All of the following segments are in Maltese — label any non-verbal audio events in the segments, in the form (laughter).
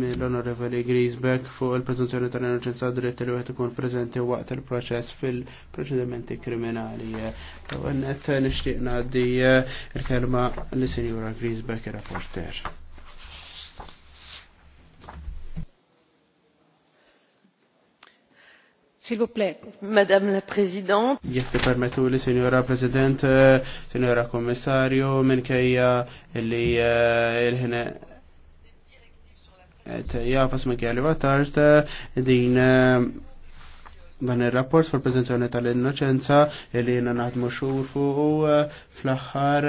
mill-Onorevoli Griesbeck fuq il-prezenzjoni tal-emerġenza dritti li għet ikun prezenti waqt il-proċess fil-proċedimenti kriminali. Għannet nishtiqna ngħaddi il-kelma l-Senjura Griesbeck, il-rapporter. Madame la President. permettu li President, eh, li il li din eh, dan il-rapport fil prezenzjoni tal-innoċenza li jena naħdmu xur fuq eh, fl-axħar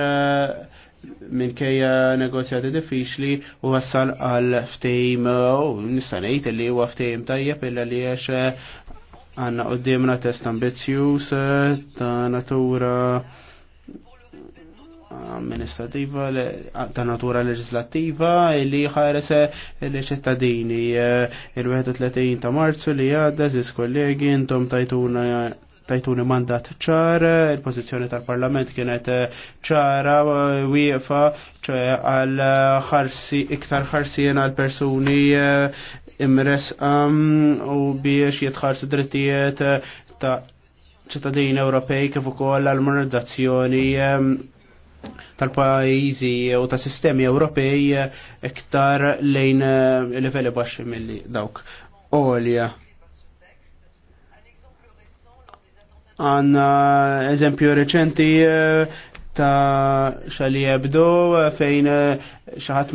minkejja negozjati diffiċli u wassal għal ftejm u nistanejt li huwa ftejm tajjeb illa li għax għanna qoddimna test ambizjus eh, ta' natura amministrativa ta' natura leġislattiva li ħares il-ċittadini eh, eh, il-31 ta' marzu li għadda ziz kollegi intom tajtuna tajtuni mandat ċar, il-pozizjoni tal-parlament kienet ċara, wieqfa, ċe għal ħarsi, iktar ħarsien għal persuni imres um, u biex jitħarsu drittijiet ta' ċittadini Ewropej kif ukoll għall-monetizzazzjoni um, tal-pajjiżi u ta' sistemi Ewropej iktar lejn uh, livelli baxxi milli dawk. Olja. Għanna eżempju reċenti uh, ta' xali jebdu fejn xaħat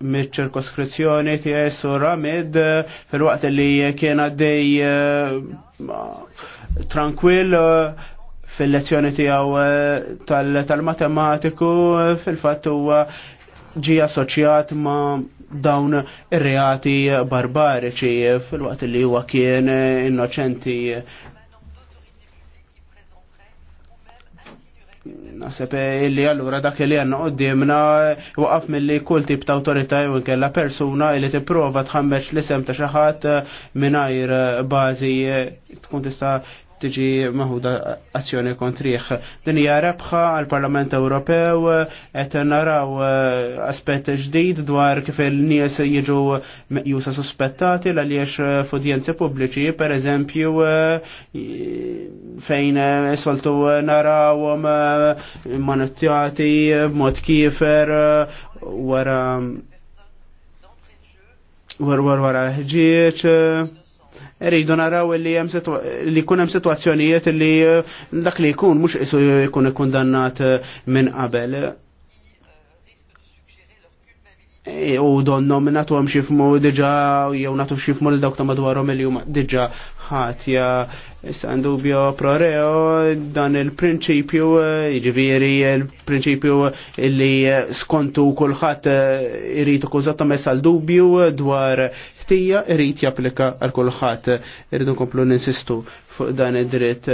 mit ti tiegħi ramid eh, fil-waqt li kien għaddej eh, tranquill eh, fil-lezzjoni tiegħu tal-matematiku fil-fatt huwa ġi assoċjat ma' dawn ir-reati barbariċi fil-waqt li huwa kien innoċenti naħseb eh, illi allura dak li għanna qoddimna eh, waqaf mill-li kull tip ta' autorita jew inkella persuna illi tipprova tħammeċ l-isem ta' xaħat eh, mingħajr bażi tkun tista' tiġi maħuda azzjoni kontriħ. Din hija rebħa għall-Parlament Ewropew qed naraw eh, aspett ġdid dwar kif il-nies jiġu meqjusa suspettati għaliex eh, f'udjenzi pubbliċi, pereżempju eh, fejn soltu narawhom manuttjati b'mod kiefer wara wara wara ħġieċ rridu naraw li li jkun hemm sitwazzjonijiet li eh, dak li jkun mhux isu jkun ikkundannat eh, minn qabel. Eh, u donnom natu għam xifmu diġa jew natu xifmu l dawk ta' madwarom il-jum diġa ħatja sandubjo proreo dan il-prinċipju eh, ġiviri il-prinċipju li eh, skontu kullħat irritu kużatta mess għal dubju dwar ħtija irrit japplika għal kullħat irridu komplu ninsistu fuq dan id-dritt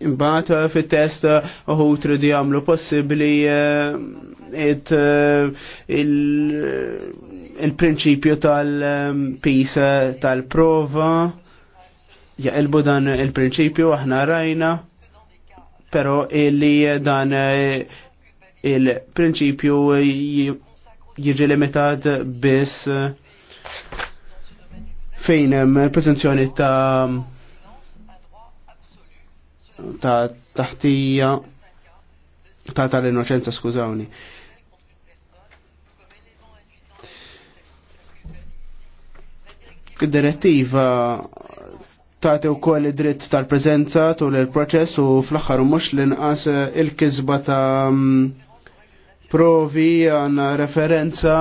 Imbat eh, fit-test eh, uħu tridi għamlu possibli eh, il-prinċipju tal pisa tal-prova jaqilbu dan il-prinċipju aħna rajna pero illi dan il-prinċipju jiġi limitat biss fejn hemm presenzjoni ta' ta' taħtija ta' tal-innoċenza, skużawni. Id-direttiva tagħti wkoll id-dritt tal-preżenza tul il-proċess u fl-aħħar mhux l-inqas il-kisba ta' mm, provi għanna referenza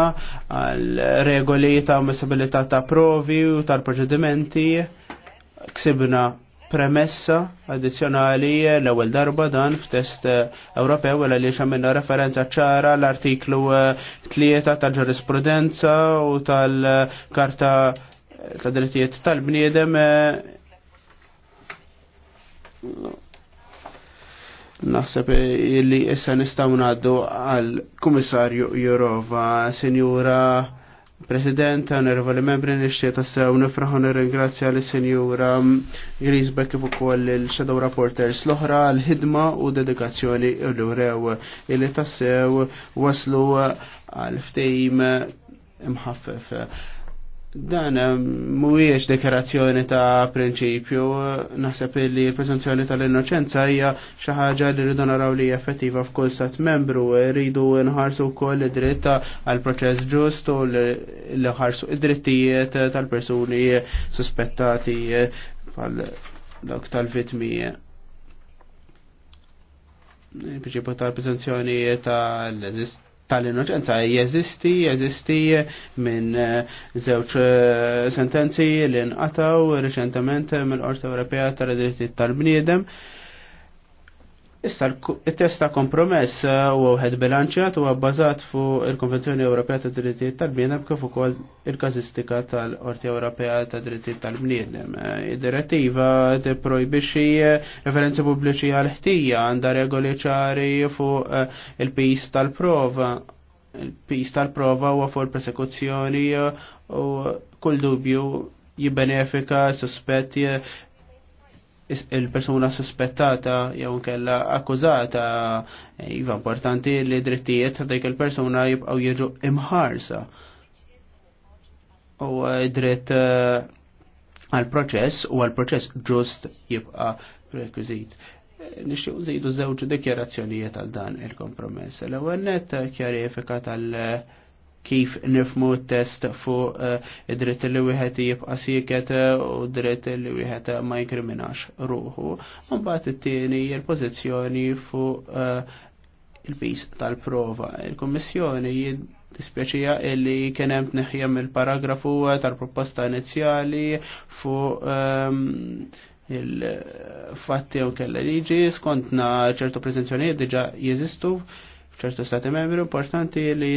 għal regoli ta' ammissibilità ta' provi u tal-proċedimenti ksibna premessa addizzjonali l-ewwel darba dan f'test eh, Ewropew għal li xamilna referenza ċara l-artiklu 3 eh, tal-ġurisprudenza u tal-Karta eh, ta' drittijiet tal-bniedem naħseb li issa nistgħu ngħaddu għal Kummissarju Jurova, Sinjura President, onorevoli membri, nixtieq tassew nifraħu nirringrazzja l senjura Grisbeck kif ukoll il-Shadow Reporters l-oħra l-ħidma u dedikazzjoni l rew illi tassew waslu għal ftejm imħaffef. Dan mhuwiex dekarazzjoni ta' prinċipju, naħseb li l-presunzjoni tal-innoċenza hija xi ħaġa li rridu naraw li effettiva f'kull stat membru, rridu nħarsu wkoll id-dritt għal proċess ġust u li ħarsu id-drittijiet tal-persuni suspettati bħal dawk tal-vitmi. Biċipu tal-presunzjoni tal-eżist tal-innoċenza jeżisti, jeżisti minn żewġ eh, eh, sentenzi li nqataw reċentament mill-Qorti Ewropea tal-Diritti tal-Bniedem Issa il-testa kompromess eh, u għed bilanċat u għabbażat fu il-Konvenzjoni Ewropea ta' Drittijiet tal-Bniedem kif ukoll il-kazistika tal-Qorti Ewropea ta' Drittijiet tal-Bniedem. Eh, id-direttiva tipprojbixxi eh, referenzi pubbliċi għal ħtija għandha regoli ċari fuq il-pis tal-prova il-pis tal-prova u fuq il-persekuzzjoni u kull dubju jibbenefika sospetti il-persuna suspettata jew kella akkużata iva importanti li drittijiet ta' dik il-persuna jibqgħu jiġu imħarsa. U eh, dritt eh, għal proċess u għal proċess ġust jibqa' prekwizit. Eh, nixtieq żidu żewġ dekjerazzjonijiet għal dan il-kompromess. L-ewwel net kjarifika tal- kif nifmu test fuq eh, id-dritt li wieħed jibqa' siket eh, u dritt li wieħed ma jikriminax ruħu. Mbagħad it-tieni l-pożizzjoni fuq eh, il-pis tal-prova. il kummissjoni dispjaċija illi kien hemm tneħjem il-paragrafu tal-proposta inizjali fuq ehm, il-fatti u kella liġi skontna ċertu prezenzjonijiet diġa jeżistu ċertu stati membri importanti li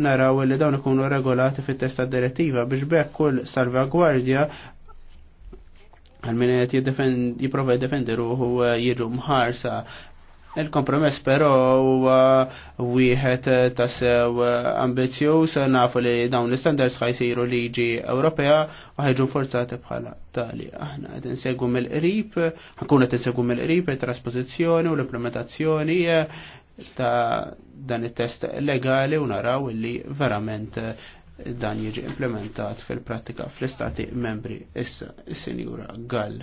naraw li dawn ikunu regolati fit-testa direttiva biex bekk kull salvagwardja għalmin qed jipprova jiddefendi ruħu eh, jiġu mħarsa. Il-kompromess però huwa wieħed tassew ambizzjuż nafu li dawn l-istandards ħajsiru liġi Ewropea u ħajġu forzati bħala tali. Aħna qed insegwu mill-qrib, ħankun qed insegwu mill-qrib it traspożizzjoni u l-implementazzjoni ta' dan it-test legali u naraw li verament eh, dan jiġi implementat fil-pratika fl-istati membri issa, is-Sinjura Gall.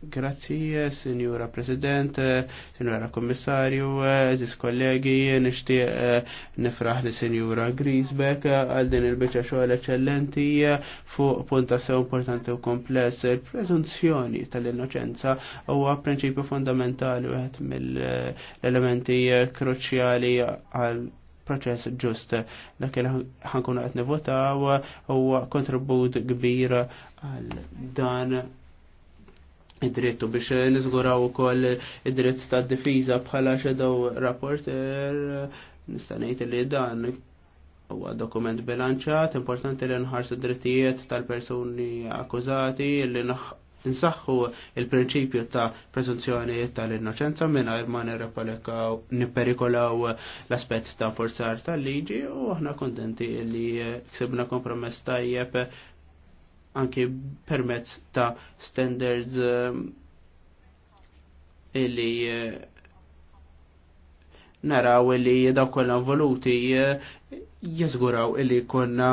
Grazzi, Signora President, Signora Kommissarju, Eżis kollegi, nishtiq eh, nifraħ li Signora Griesbeck għal din il-bicċa xogħol eċċellenti fuq punta sew importanti u kompless. Il-prezunzjoni tal-innoċenza huwa prinċipju fondamentali wieħed mill-elementi kruċjali għal proċess ġust. Dak li ħankunu qed nivotaw huwa kontribut kbir għal dan id-drittu biex nizguraw ukoll id-dritt ta' difiża bħala xedaw rapporter nistanejt li dan huwa dokument bilanċat, importanti li nħarsu drittijiet tal-persuni akkużati li nsaħħu il-prinċipju ta' prezunzjoni tal-innoċenza minna ma nipperikolaw l-aspett ta' forzar tal-liġi u aħna kontenti li ksibna kompromess tajjeb anki permezz ta' standards eh, illi eh, naraw illi daw kollha voluti eh, jiżguraw illi konna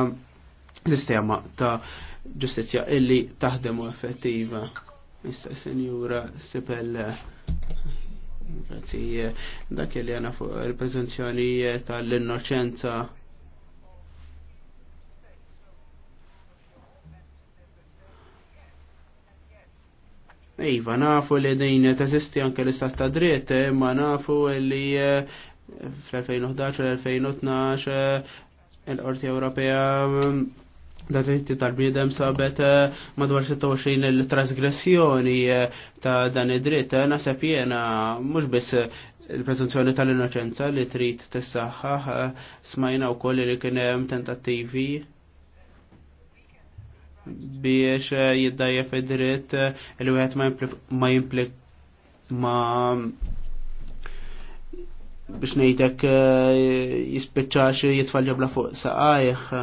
sistema ta' ġustizzja illi taħdem effettiva. Issa senjura Sipel Grazie. dak li għana fuq il-prezenzjoni tal-innoċenza Iva, nafu li din teżisti anke l-istat ta' dritt, imma nafu li eh, fl-2011 l-2012 l-Qorti Ewropea da mm, dritti tal bidem sabet eh, madwar 26 il-trasgressjoni eh, ta' dan id-dritt, nasab jena mux biss il-prezunzjoni tal-innoċenza li trid tissaħħaħ smajna wkoll li kien hemm tentattivi biex eh, jiddajja id-dritt eh, li wieħed ma jimplik ma biex nejtek eh, jispiċċax jitfall ġebla fuq saqajħ.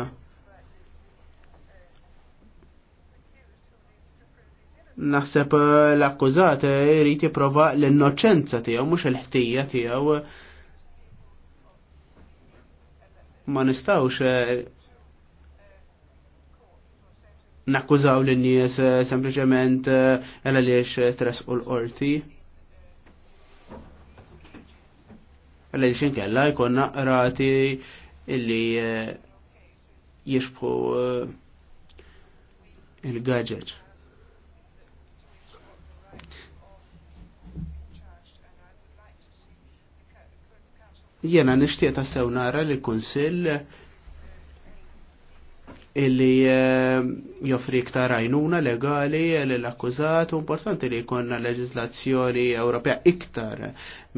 Naħseb l-akkużat jrid jipprova l-innoċenza tiegħu mhux il-ħtija tiegħu ma nistgħux nakkużaw l-nies eh, sempliciment għal eh, għaliex eh, tres u l-qorti. Għal għaliex inkella jkonna rati illi jixbħu il-gadget. Jena nishtiet tassew nara li kunsill illi eh, joffri iktar għajnuna legali l-akkużat u importanti li jkollna leġislazzjoni Ewropea iktar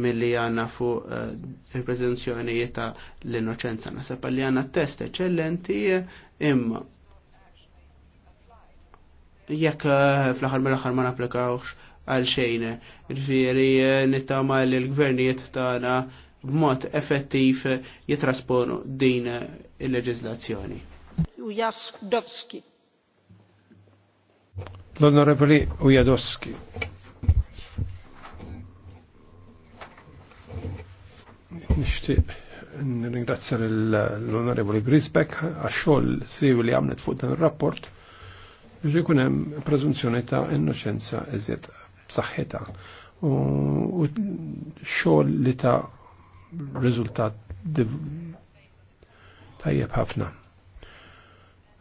milli għanna fuq eh, il-prezenzjoni ta' l-innoċenza. Nasab li għanna test eccellenti imma jekk eh, fl-aħħar mill-aħħar ma napplikawx għal xejn. Ġifieri nittama li l-gvernijiet tagħna b'mod effettiv jitrasponu din il leġizlazzjoni Ujazdowski. L-Onorevoli Ujadowski. Nishtiq nringrazzja l-Onorevoli Grisbeck għax-xogħol siw li għamlet fuq dan ir-rapport biex ikun hemm preżunzjoni ta' innoċenza iżjed b'saħħitha u xogħol li ta' riżultat tajjeb ħafna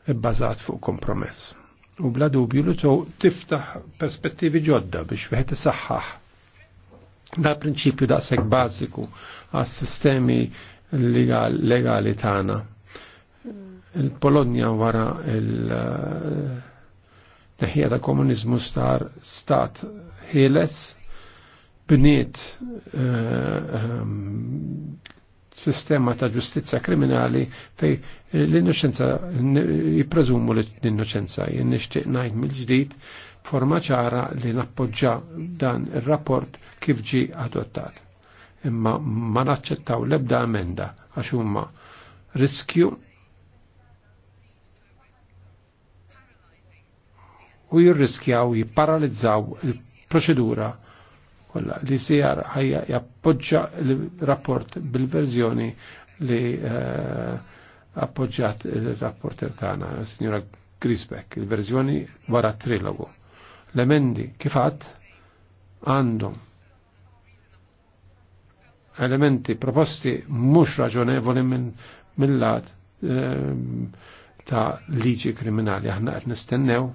bbażat fuq kompromess. U bla dubju li tow tiftaħ perspettivi ġodda biex wieħed isaħħaħ da prinċipju daqshekk bażiku għas sistemi legali tagħna. Il-Polonja wara il- neħija ta' komunizmu star stat ħieles bniet eh, ehm, sistema ta' ġustizja kriminali fej l-innoċenza jiprezumu l-innoċenza. Jien nixtieq ngħid mill-ġdid forma ċara li nappoġġa dan ir-rapport kif ġi adottat. Imma ma naċċettaw l-ebda emenda għax huma riskju u jirriskjaw jipparalizzaw il-proċedura kolla li sijar ħajja jappoġġa l-rapport bil-verżjoni li eh, appoġġat il-rapporter tagħna, signora Grisbeck, il-verżjoni wara trilogu. L-emendi kifat għandhom elementi proposti mhux raġonevoli mill-lat eh, ta' liġi kriminali. Aħna qed nistennew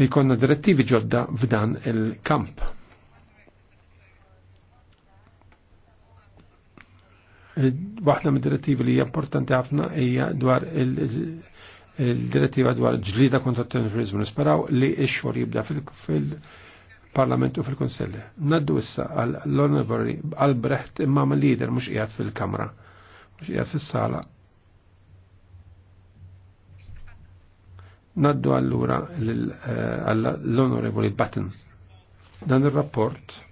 li jkollna direttivi ġodda f'dan il-kamp. Waħda mid direttivi li hija importanti ħafna hija dwar il-direttiva dwar ġlida kontra terrorizmu nisperaw li x-xogħol jibda fil- parlament u fil-konsell. Naddu issa għal l Albrecht imma lider mhux qiegħed fil-kamra, mhux qiegħed fis-sala Naddu allura eh, l-Onorevoli Button. Dan il-rapport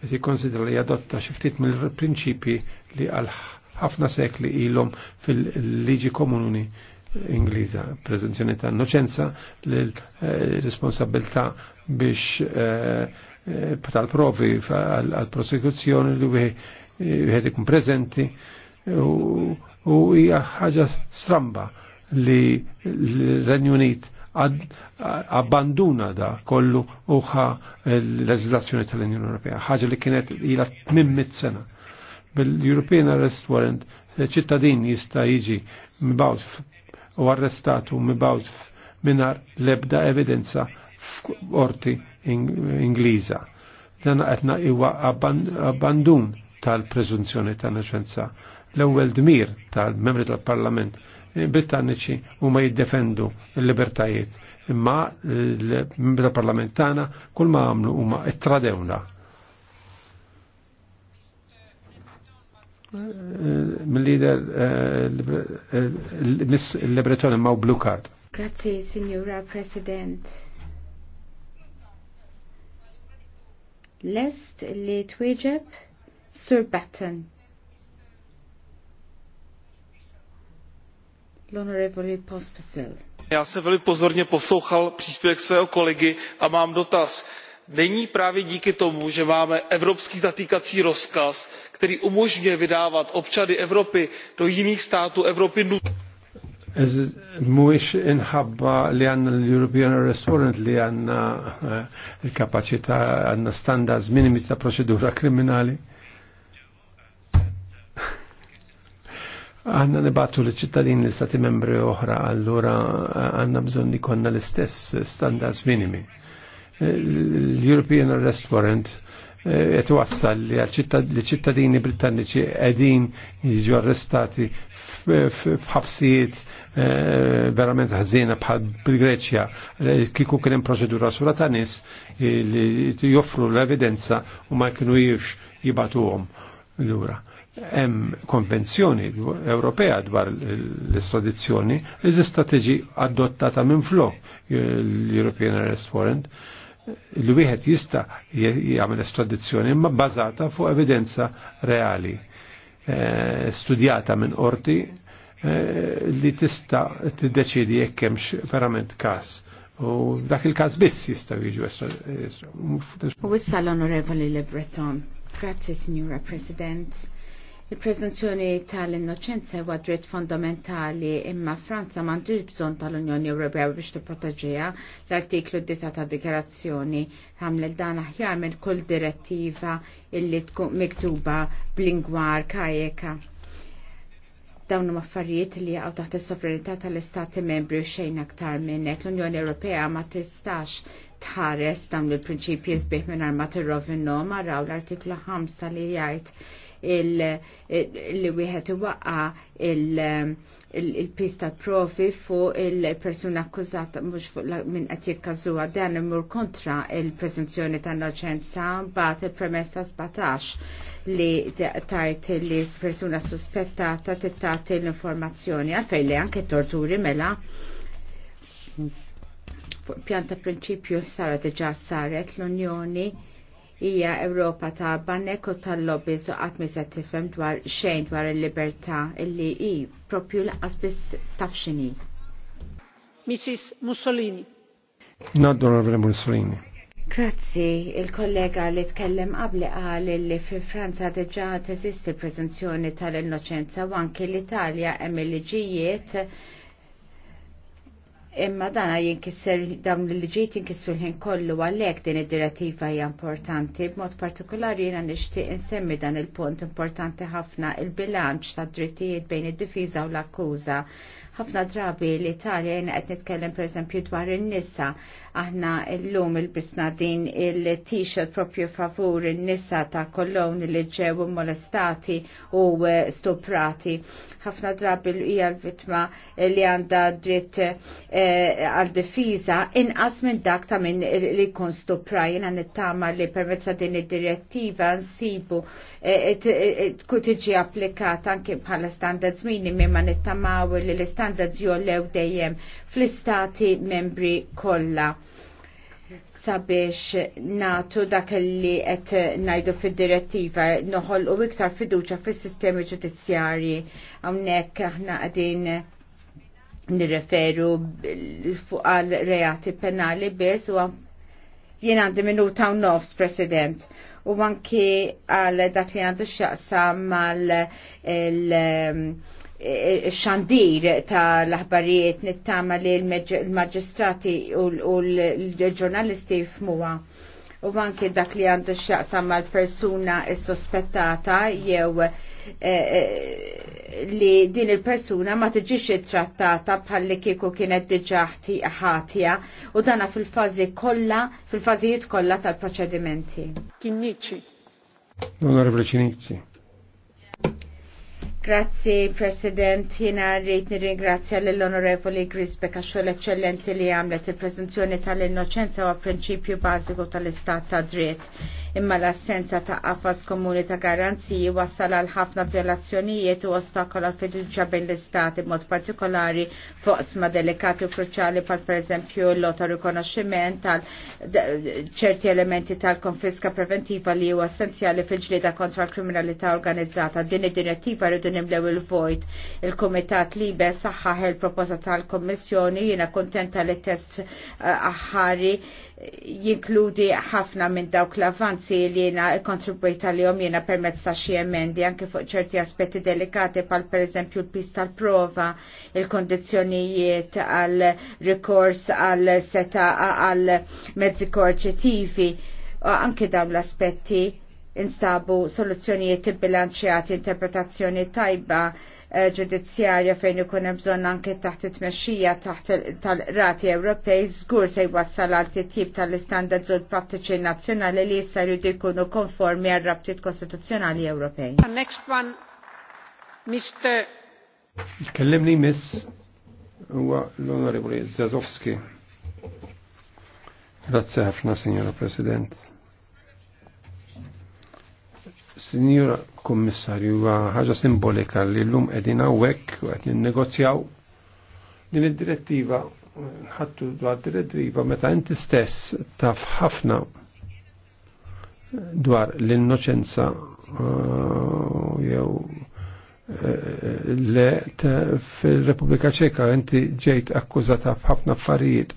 qed konsidra li jadotta xi ftit mill-prinċipi li għal ħafna sekli ilhom fil-liġi komuni Ingliża, prezenzjoni ta' innoċenza, l-responsabilità eh, biex eh, tal-provi għal-prosekuzzjoni li wieħed ikun preżenti u hija ħaġa stramba li l-Renju Unit abbanduna da kollu uħa l-leġislazzjoni tal-Unjoni Ewropea, ħaġa li kienet ila 800 sena. Bil-European Arrest Warrant ċittadin jista' jiġi mibawt u arrestatu mibawt minar lebda evidenza f'orti Ingliża. Dan qedna iwa abbandun tal-preżunzjoni ta' innoċenza. L-ewwel dmir tal-membri tal-Parlament Britanniċi u ma jiddefendu l-libertajiet. Imma l-membra parlamentana kull ma għamlu u ma ittradewna. mill-lider eh, Miss Lebretone maw Blue Card. Grazie, Signora President. Lest li twieġeb Sir Batten. l Pospisil. Já jsem velmi pozorně poslouchal příspěvek svého kolegy a mám dotaz. Není právě díky tomu, že máme evropský zatýkací rozkaz, který umožňuje vydávat občany Evropy do jiných států Evropy nutné? inħabba li għanna l-European Arrest Warrant li għanna eh, l għanna standards minimi ta' kriminali. Għanna nibatu li ċittadin li stati membri oħra, allura għanna bżon li konna l-istess standards minimi. Eh, L-European Arrest Warrant qed eh, wassal li ċittadini Britanniċi qegħdin jiġu arrestati f'ħabsijiet eh, verament ħażina bħal bil-Greċja kieku kien hemm proċedura sura ta' nies li joffru l-evidenza u ma kienu jiex jibatuhom lura hemm konvenzjoni Ewropea dwar l-estradizzjoni l istrateġi adottata minn flok l-European eh, Arrest Warrant li wieħed jista' jagħmel estradizzjoni imma bbażata fuq evidenza reali eh, studjata minn qorti eh, li tista' tiddeċidi jekk hemmx verament każ. U dak il-każ biss jista' jiġu U issa l-Onorevoli Le Breton. Grazie, Signora President Il-prezenzjoni tal-innoċenza huwa dritt fondamentali imma Franza m'għandix bżonn tal-Unjoni Ewropea biex tipproteġiha l-artiklu 10 ta' dikarazzjoni għamlet dan aħjar minn kull direttiva illi tkun miktuba b'lingwa arkaika. Dawn huma affarijiet li jaqgħu taħt is-sovranità tal-Istati membri u xejn aktar minnek l-Unjoni Ewropea ma tistax tħares dawn il-prinċipji sbieħ minn armat ir-rovinhom araw l-artiklu 5 li jgħid li wieħed iwaqqa il-pista profi fuq il-persuna akkużata mhux fuq minn qed jikkażuha dan imur kontra il-preżunzjoni ta' innoċenza mbagħad il-premessa 17 li tajt li persuna suspettata tittat l-informazzjoni għalfejn li anke torturi mela fuq pjanta prinċipju Sara diġà saret l-Unjoni hija Ewropa ta' bannek u tal-lobby su qatt ma se tifhem dwar xejn dwar il-libertà illi hi propju laqas biss taf x'inhi. Mrs. Mussolini. Not Honorable Mussolini. Grazzi, il-kollega li tkellem qabli qal li fi Franza deġa teżisti l-prezenzjoni tal-innoċenza u anke l-Italja hemm il Imma dana jinkisser dawn l-liġijiet jinkissru l-ħin kollu għalhekk din id-direttiva hija importanti. B'mod partikolari jiena nixtieq insemmi dan il-punt importanti ħafna il-bilanċ tad drittijiet bejn id-difiża u l-akkuża Ħafna drabi l-Italja jena qed nitkellem esempio dwar in-nisa. Aħna llum il-bisna din il-t-shirt propju favur in-nisa ta' kollon li ġew molestati u eh, stuprati. Ħafna drabi hija l-vittma li għandha dritt eh, għal difiża inqas minn dak ta' minn li jkun stupra jiena nittama li permezza din id-direttiva nsibu eh, tkun tiġi applikata anke bħala standards minimi ma nittamaw li l-istat l-standards jollew dejjem fl-istati membri kollha sabiex natu dak li qed ngħidu fid-direttiva noħol u iktar fiduċa fis-sistemi ġudizzjarji hawnhekk aħna qegħdin nirreferu fuq għal reati penali biss u jien għandi minuta u nofs President u anke għal dak li għandu x'jaqsam mal il xandir ta' l-aħbarijiet nittama li l-maġistrati u l-ġurnalisti f'muwa. U anke dak li għandu xaqsam mal persuna sospettata jew eh, eh, li din il-persuna ma tiġix trattata bħalli kieku kienet diġa ħatja u dana fil-fazi kollha, fil-fażijiet kollha tal-proċedimenti. Kinniċi. Onorevole Cinizzi. Grazzi President, jina rrit nirringrazzja l-Onorevoli Grisbeck għax xogħol eccellenti li għamlet il-prezenzjoni tal-innoċenza u prinċipju bażiku tal-istat ta' dritt imma l-assenza ta' qafas komuni ta' garanziji wassal għal ħafna violazzjonijiet u ostakola fiduċa bejn l-istati mod partikolari fuq sma delikati u kruċali pal per eżempju l-lota rikonoxximent tal ċerti elementi tal-konfiska preventiva li huwa essenzjali fil-ġlida kontra l-kriminalità organizzata. Din id-direttiva rridu nimlew il-vojt. Il-Komitat Libe saħħaħ il-proposta tal-Kommissjoni jiena kontenta li test eh, aħħari jinkludi ħafna minn dawk l-avanz anzi li jena kontribuita li jom jena permezz ta' xie emendi anke fuq ċerti aspetti delikati pal per eżempju l-pista l prova il-kondizjonijiet għal rikors għal seta għal mezzi korċetivi, anke dawn l-aspetti instabu soluzzjonijiet bilanċjati interpretazzjoni tajba Eh, ġudizzjarja fejn ikun hemm bżonn anke taħt it-tmexxija taħt tal-Rati Ewropej żgur se jwassal għal titjib tal-istandards u l-prattiċi nazzjonali li issa jridu jkunu konformi għar rabtiet kostituzzjonali Ewropej. Next one, Mr. Kellimni miss huwa l-Onorevoli Zazowski. Grazie ħafna, Signora President. Signora Kommissarju, ħaġa simbolika li l-lum edina wek u n negozjaw din id-direttiva ħattu dwar direttiva meta inti stess taf ħafna dwar l-innoċenza uh, jew uh, le fil-Repubblika Ċeka inti ġejt akkużata f'ħafna affarijiet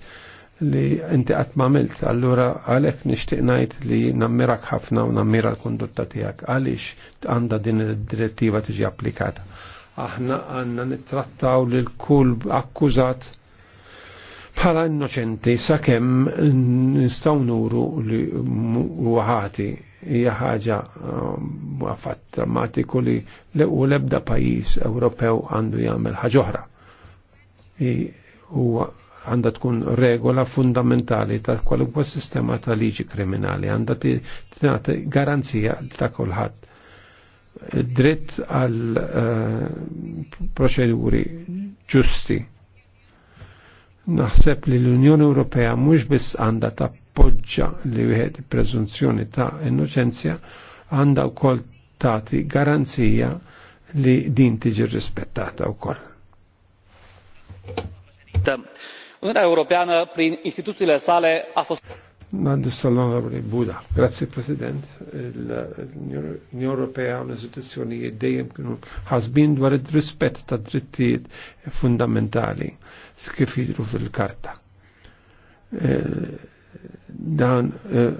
li inti qatt m'għamilt, allura għalhekk nixtieq ngħid li nammirak ħafna u nammira l-kondutta tiegħek għaliex għandha din id-direttiva tiġi applikata. Aħna għandna nittrattaw lil kull akkużat bħala innoċenti sakemm nistgħu nuru li huwa ħati hija ħaġa um, fatt drammatiku li u l-ebda pajjiż Ewropew għandu jagħmel ħaġa oħra huwa għandha tkun regola fundamentali ta' kwalunkwa sistema ta' liġi kriminali, għandha tingħati garanzija ta' kulħadd. Dritt għal eh, proċeduri ġusti. Naħseb li l-Unjoni Ewropea mhux biss għandha tappoġġa li wieħed prezunzjoni ta' innoċenzja, għandha wkoll tagħti garanzija li din tiġi rispettata wkoll uniunea europeană prin instituțiile sale a fost Mandu sal Buda. Grazie President. L-Unjoni Ewropea u l-istituzzjonijiet dejjem kienu ħasbin dwar id-rispett ta' drittijiet fundamentali kif jidru fil-karta. Eh, Dan eh,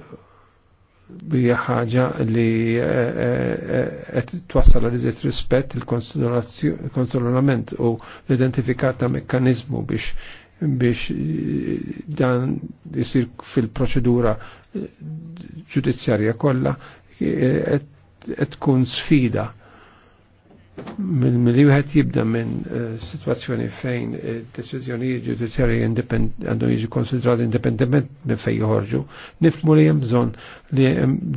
bija eh, ħaġa li qed twassal għal iżjed rispett il-konsolament u l-identifikat ta' biex biex dan jisir fil-proċedura ġudizzjarja kollha qed tkun sfida mill wieħed jibda minn eh, situazzjoni fejn eh, deċiżjonijiet ġudizzjarji għandhom jiġu konsidrati indipendent minn fejn joħorġu, nifmu li hemm bżonn li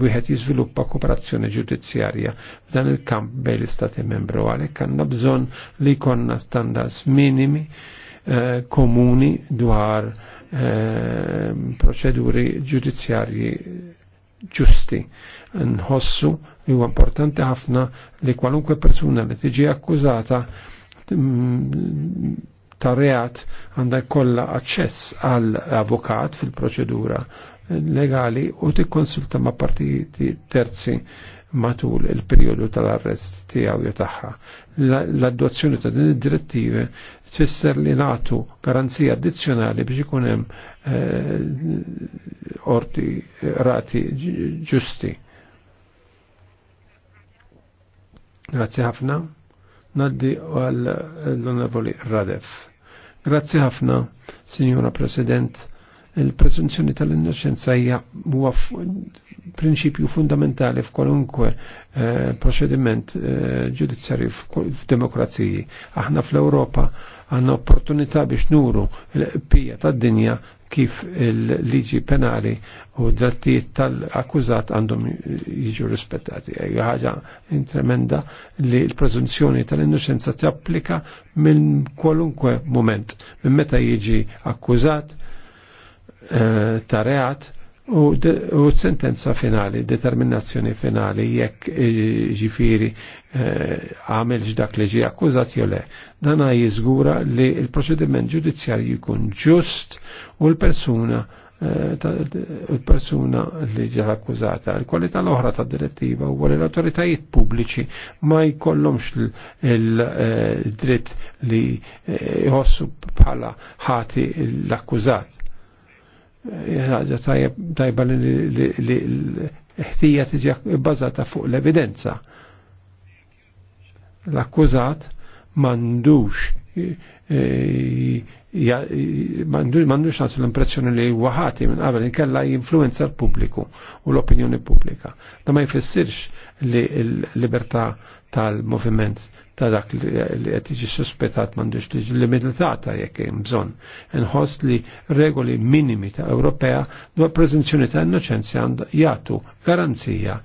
wieħed jiżviluppa kooperazzjoni ġudizzjarja f'dan il-kamp bejn l-Istati membru għalhekk għandna bżonn li jkollna standards minimi Eh, komuni dwar eh, proċeduri ġudizzjarji ġusti. Nħossu li huwa importanti ħafna li kwalunkwe persuna li tiġi akkużata mm, ta' reat għandha jkollha aċċess għal avukat fil-proċedura legali u tikkonsulta ma' partiti terzi matul il-periodu tal-arrest tiegħu jew tagħha. l adduazzjoni ta' din id-direttive tfisser li nagħtu garanzija addizzjonali biex ikun hemm eh, orti rati ġusti. Grazzi ħafna. Naddi għall l-Onorevoli Radef. Grazzi ħafna, Signora President il-presunzjoni tal-innoċenza hija huwa prinċipju fundamentali f'kwalunkwe eh, proċediment eh, ġudizzjarju f'demokraziji. Aħna fl-Ewropa għandna opportunità biex nuru l-pija tad-dinja kif il-liġi penali u drattijiet tal-akkużat għandhom jiġu rispettati. ħaġa tremenda li l-prezunzjoni tal-innoċenza tapplika minn kwalunkwe moment, minn meta jiġi akkużat Eh, ta' reat u sentenza finali, determinazzjoni finali jekk eh, ġifiri eh, għamil dak li ġi akkużat jew le. Dana jiżgura li l-proċediment ġudizzjarju jkun ġust u l-persuna il-persuna li ġiet akkużata. Il-kwalità l-oħra ta' direttiva u li l-autoritajiet pubbliċi ma jkollhomx il-dritt li jħossu bħala ħati l-akkużat ħaġa tajba li l-ħtija tiġi fuq l-evidenza. L-akkużat mandux eh, eh, mandux għatu l-impressjoni li waħati minn qabel inkella jinfluenza l-pubbliku u l-opinjoni pubblika. Da ma jfissirx li l-libertà tal-moviment ta' dak li qed jiġi suspettat m'għandux liġi limitata jekk hemm bżonn. Inħoss li regoli minimi ta' Ewropea dwar preżenzjoni ta' innoċenzja jagħtu garanzija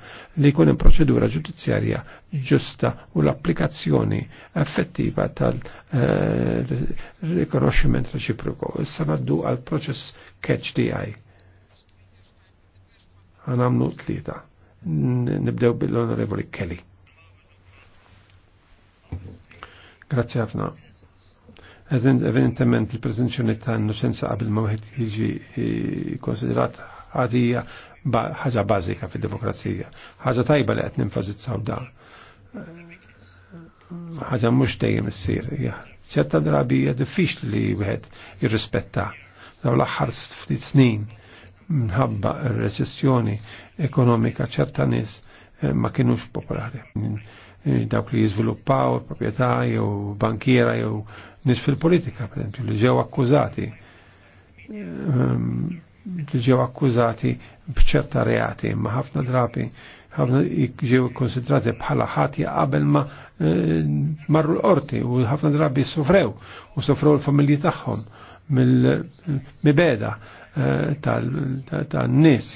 li jkun hemm proċedura ġudizzjarja ġusta u l-applikazzjoni effettiva tal-rikonoxximent eh, reċiproko. Issa ngħaddu għal proċess catch DI. Għanamlu tlieta. Nibdew bil-Onorevoli Kelly. Grazie ħafna. Eżin evidentement il-prezenzjoni ta' innocenza qabel ma wieħed jiġi e, konsiderat ħadija ħaġa bażika fid-demokrazija. Ħaġa tajba li qed ninfazizzaw dan. Ħaġa mhux dejjem issir. ċerta drabi hija diffiċli li wieħed jirrispetta. Daw l-aħħar ftit snin minħabba r-reċessjoni ekonomika ċerta nies e, ma kienux popolari dawk li jizviluppaw proprjetà jew bankiera jew nis fil-politika, per esempio, li ġew akkużati li ġew akkużati bċerta reati, ma ħafna drabi ħafna ġew konsidrati bħala ħati qabel ma marru l-qorti u ħafna drabi sofrew u sofrew l-familji tagħhom mill-mibeda tal-nis.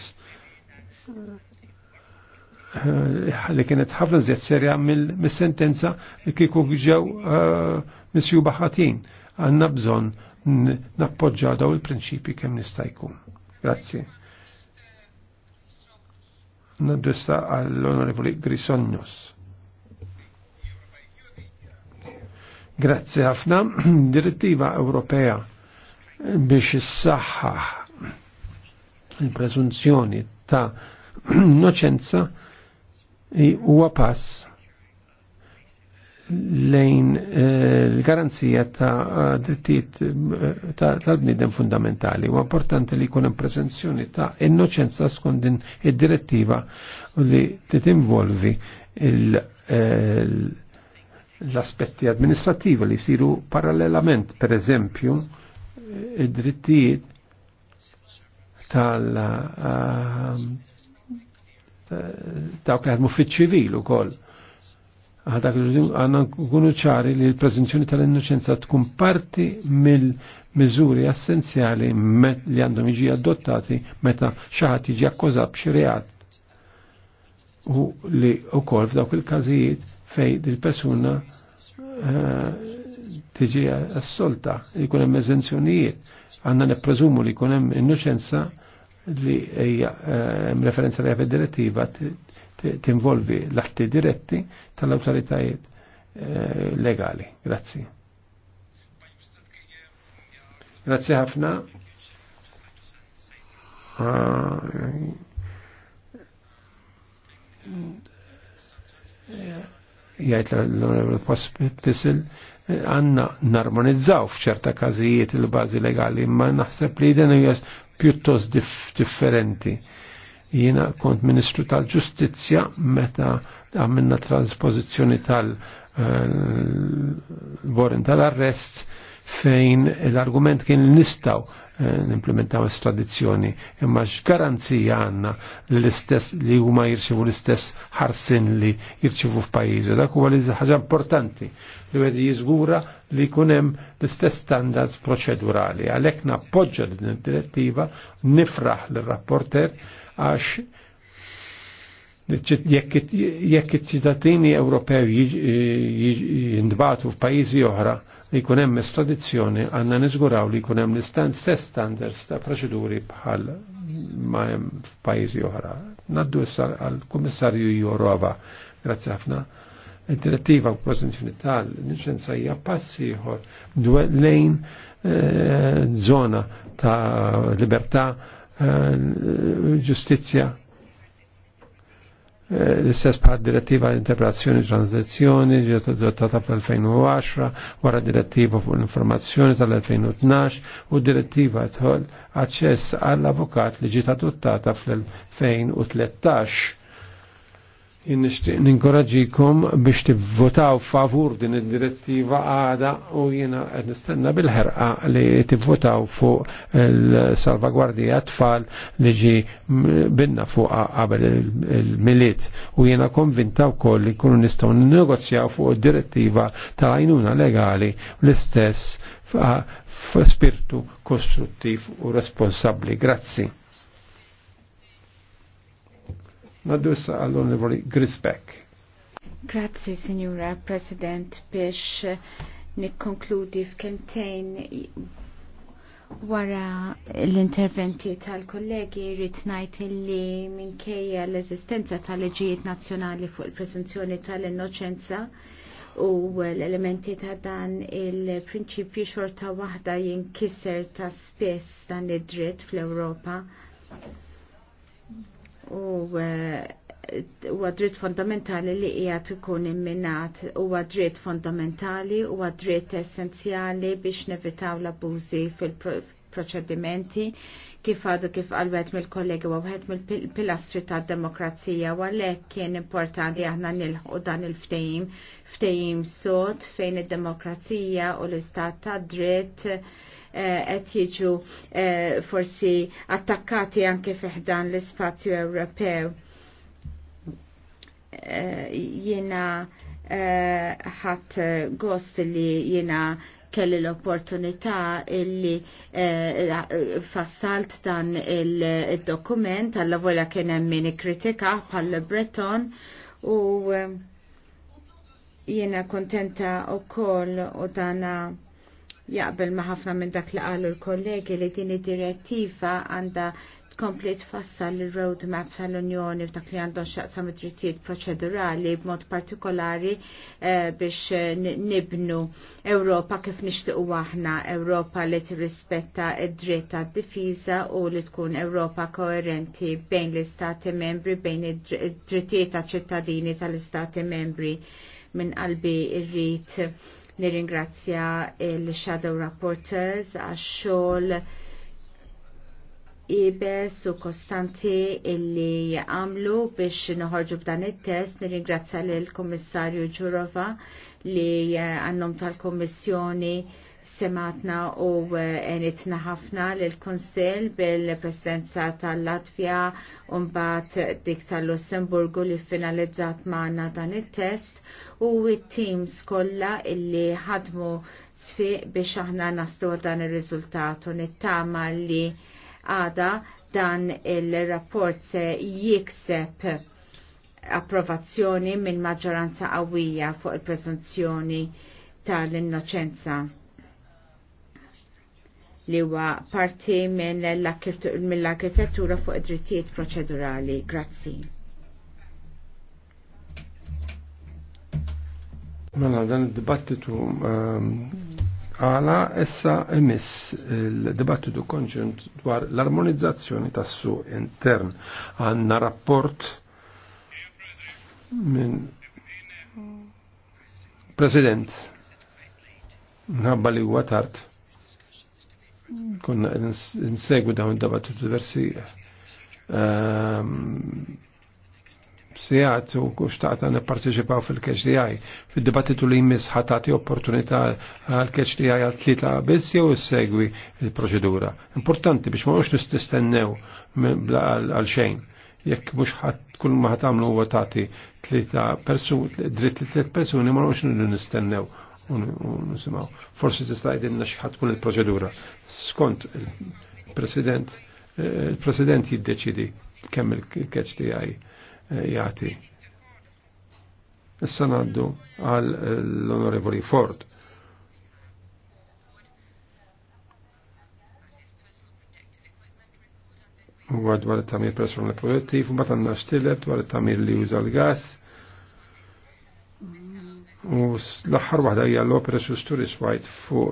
Eh, li kienet ħafna zjed serja mill-sentenza li kiku ġew eh, misju baħatin. Għanna bżon nappoġġa daw il-prinċipi kemm nista' jkun. Grazzi. Nadressa għall-Onorevoli Grisonnos. Grazzi ħafna. (clears throat) Direttiva Ewropea biex issaħħaħ il-prezunzjoni ta' (clears throat) noċenza huwa pass lejn eh, l-garanzija ta' eh, drittijiet eh, tal-bnidem fundamentali. U importanti li jkun hemm presenzjoni ta' innoċenza skont din id-direttiva li titinvolvi l-aspetti amministrativi li jsiru parallelament, per eżempju, id-drittijiet tal dawk li ħadmu fiċ-ċivil ukoll. Għadak għanna nkunu ċari li l-prezenzjoni tal-innoċenza tkun parti mill mizuri essenzjali li għandhom iġi adottati meta xaħat iġi akkużat b'xi reat. U li u koll f'dawk il kazijiet fej il-persuna eh, tiġi assolta, jkun hemm eżenzjonijiet, għandna nippreżumu li jkun innoċenza li hija eh, referenza li fid-direttiva tinvolvi l-atti diretti tal-awtoritajiet eh, legali. Grazzi. Grazzi ħafna. Ah, jgħid l onorevoli Post eh, għanna narmonizzaw f'ċerta każijiet il bazi legali, ma naħseb li din hija pjuttost dif differenti. Jiena kont Ministru tal-Ġustizzja meta għamilna transpozizjoni tal-Borin tal-Arrest fejn l-argument kien nistaw Eh, nimplementaw tradizzjoni, imma x'garanzija għandna l-istess li huma jirċivu l-istess ħarsin li jirċivu f'pajjiżu. Dak huwa li ħaġa importanti li wieħed jiżgura li jkun hemm l-istess standards proċedurali. Għalhekk nappoġġa din id-direttiva, nifraħ lir-rapporter għax jekk it ċittadini Ewropew jindbatu f'pajjiżi oħra li jkun mis estradizzjoni għanna nizguraw li jkun l-istan stess standards ta' proċeduri bħal ma jem f'pajzi oħra. Naddu issa għall-Kummissarju Jorova. grazie għafna, Id-direttiva b'pożizzjoni tal-niċenza hija passi ieħor lejn eh, zona ta' libertà, eh, ġustizzja Eh, l-istess bħad direttiva integrazzjoni tranzazzjoni ġiet adottata fl-2010 wara direttiva fuq l-informazzjoni tal-2012 u direttiva tħol aċċess għall-avukat li ġiet adottata fl-2013 Nishtiq ninkoraġikom biex tivvotaw favur din id-direttiva għada u jiena qed nistenna bil-ħerqa li tivvotaw fuq il-salvagwardija tfal li ġi binna fuq qabel il-miliet u jiena konvinta wkoll li kunu nistgħu negozjaw fuq id-direttiva tal-għajnuna legali l-istess f'spirtu kostruttiv u responsabbli. Grazzi. Naddu għall-Onorevoli Grisbeck. Grazzi, Signora President, biex eh, nikkonkludi f'kentejn wara l-interventi tal-kollegi rrit ngħid illi minkejja l-eżistenza tal-leġijiet nazzjonali fuq il-presunzjoni tal-innoċenza u l-elementi ta' dan il-prinċipju xorta waħda jinkisser ta' spess dan id-dritt fl-Ewropa u eh, huwa dritt fondamentali li qiegħed ikun imminat huwa dritt fondamentali huwa dritt essenzjali biex nevitaw l-abbużi fil-proċedimenti. Pro kif għadu kif għalwet mill-kollegi u għed mill-pilastri ta' demokrazija u għalek kien importanti aħna nilħu dan il-ftejim, ftejim sot fejn id-demokrazija u l-istat ta' dritt eh, qed jiġu eh, forsi attakkati anke fiħdan l-ispazju Ewropew. Eh, jiena ħat gost li jiena kelli l-opportunità illi eh, fassalt dan il-dokument għalla vola kien hemm min kritika bħal Breton u eh, jiena kontenta wkoll u dana jaqbel ma ħafna minn dak li qalu l-kollegi li din id-direttiva għandha tkompli tfassal il-roadmap tal-Unjoni f'dak li għandhom xaqsam id-drittijiet proċedurali b'mod partikolari eh, biex nibnu Ewropa kif nixtiequ aħna, Ewropa li tirrispetta id-dritt tad-difiża u li tkun Ewropa koerenti bejn l-Istati membri, bejn id-drittijiet ta' ċittadini tal-Istati membri minn qalbi irrit nirringrazzja il-Shadow Rapporteurs għax xogħol ibes u kostanti illi għamlu biex nħorġu b'dan it-test. Nirringrazzja l komissarju Ġurova li eh, għannom tal komissjoni sematna u eh, enitna ħafna l-Konsil bil-Presidenza tal-Latvja unbat dik tal-Lussemburgu li finalizzat maħna dan il-test u it-teams kolla illi ħadmu sfiq biex aħna nastu dan il-rizultat u nittama li għada dan il-rapport se jikseb approvazzjoni minn maġġoranza qawwija fuq il-prezunzjoni tal-innoċenza li huwa parti minn l-arkitettura fuq id-drittijiet proċedurali. Grazzi. Mela, dan il dibattitu ehm, mm għala essa emis il-dibattitu konġunt dwar l-armonizzazzjoni tassu intern. Għanna rapport minn President nħabba li huwa tard. Konna insegwu dawn id-dibattitu diversi ehm, sijat u kuxtaqta nipparteċipaw fil-KHDI. Fil-dibattitu li jmiss ħatati opportunità għal-KHDI għal-tlita biss jew segwi il-proċedura. Importanti biex ma mux nististennew għal-xejn. Jekk mux ħat kull ma ħatamlu u għatati tlita persuni, dritt tliet persuni ma mux nistennew. t forsi tistajdinna xħat kull il-proċedura. Skont il-president, il-president jiddeċidi kemm il khdi jati. Issa naddu għal l-Onorevoli Ford. U għad għal tamir personali protettiv, u bat għanna xtilet għal tamir li juża l-gas. U l-axħar wahda hija l-Opera Susturis White fuq